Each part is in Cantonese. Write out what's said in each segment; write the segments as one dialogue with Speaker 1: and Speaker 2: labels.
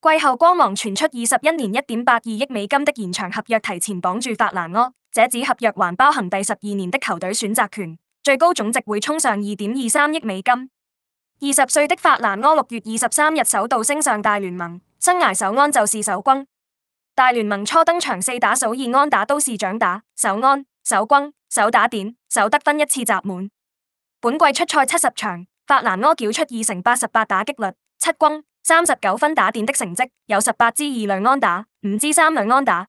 Speaker 1: 季後光芒傳出十一年一點八二億美金的延長合約，提前綁住法蘭柯。這紙合約還包含第十二年的球隊選擇權，最高總值會衝上二點二三億美金。二十歲的法蘭柯六月二十三日首度升上大聯盟，生涯首安就是首轟。大聯盟初登場四打數二安打都是長打，首安首轟首打點首得分一次集滿。本季出賽七十場，法蘭柯繳出二成八十八打擊率，七轟。三十九分打點的成績，有十八支二壘安打，五支三壘安打。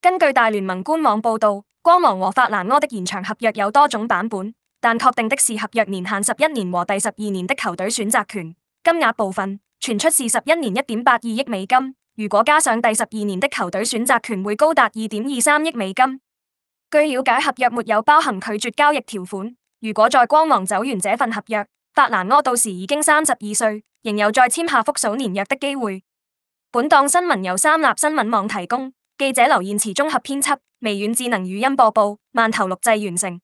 Speaker 1: 根據大聯盟官網報道，光芒和法蘭柯的延長合約有多種版本，但確定的是合約年限十一年和第十二年的球隊選擇權。金額部分傳出是十一年一點八二億美金，如果加上第十二年的球隊選擇權，會高達二點二三億美金。據了解，合約沒有包含拒絕交易條款。如果在光芒走完這份合約，法蘭柯到時已經三十二歲。仍有再簽下複數年約的機會。本檔新聞由三立新聞網提供，記者劉燕慈綜合編輯，微軟智能語音播報，饅頭錄製完成。